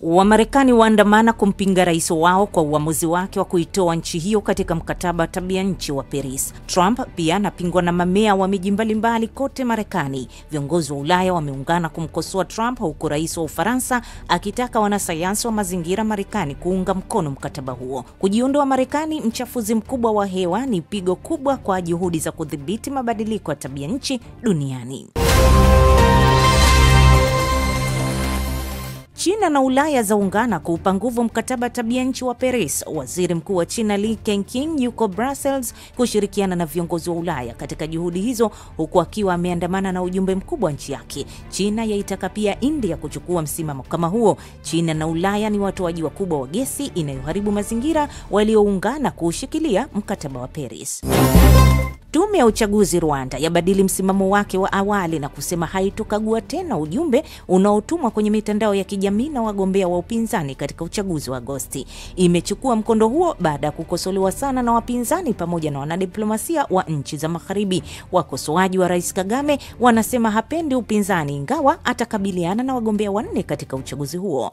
Wamarekani waandamana kumpinga rais wao kwa uamuzi wake wa kuitoa nchi hiyo katika mkataba wa tabia nchi wa Paris. Trump pia anapingwa na mamea wa miji mbalimbali kote Marekani. Viongozi wa Ulaya wameungana kumkosoa Trump, huku rais wa Ufaransa akitaka wanasayansi wa mazingira Marekani kuunga mkono mkataba huo. Kujiondoa Marekani mchafuzi mkubwa wa hewa ni pigo kubwa kwa juhudi za kudhibiti mabadiliko ya tabia nchi duniani. China na Ulaya zaungana kuupa nguvu mkataba tabia nchi wa Paris. Waziri Mkuu wa China Li Keqiang yuko Brussels kushirikiana na viongozi wa Ulaya katika juhudi hizo, huku akiwa ameandamana na ujumbe mkubwa wa nchi yake. China yaitaka pia India kuchukua msimamo kama huo. China na Ulaya ni watoaji wakubwa wa gesi inayoharibu mazingira walioungana kuushikilia mkataba wa Paris. Tume ya uchaguzi Rwanda yabadili msimamo wake wa awali na kusema haitokagua tena ujumbe unaotumwa kwenye mitandao ya kijamii na wagombea wa upinzani katika uchaguzi wa Agosti. Imechukua mkondo huo baada ya kukosolewa sana na wapinzani pamoja na wanadiplomasia wa nchi za Magharibi. Wakosoaji wa Rais Kagame wanasema hapendi upinzani, ingawa atakabiliana na wagombea wanne katika uchaguzi huo.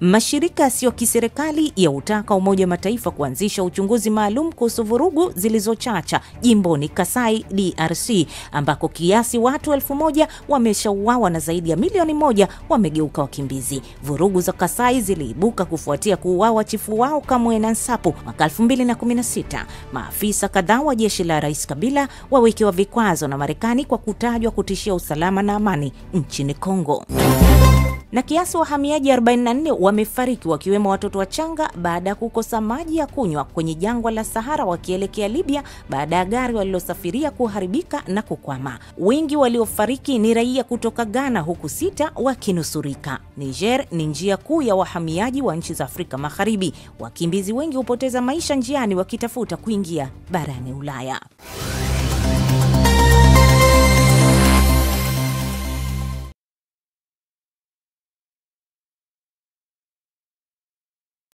Mashirika yasiyo kiserikali utaka Umoja wa Mataifa kuanzisha uchunguzi maalum kuhusu vurugu zilizochacha jimboni Kasai, DRC, ambako kiasi watu elfu moja wameshauawa na zaidi ya milioni moja wamegeuka wakimbizi. Vurugu za Kasai ziliibuka kufuatia kuuawa chifu wao Kamwena Nsapu mwaka 2016. Maafisa kadhaa wa jeshi la Rais Kabila wawekewa vikwazo na Marekani kwa kutajwa kutishia usalama na amani nchini Kongo na kiasi wahamiaji 44 wamefariki wakiwemo watoto wachanga baada ya kukosa maji ya kunywa kwenye jangwa la Sahara wakielekea Libya baada ya gari walilosafiria kuharibika na kukwama. Wengi waliofariki ni raia kutoka Ghana huku sita wakinusurika. Niger ni njia kuu ya wahamiaji wa nchi za Afrika Magharibi. Wakimbizi wengi hupoteza maisha njiani wakitafuta kuingia barani Ulaya.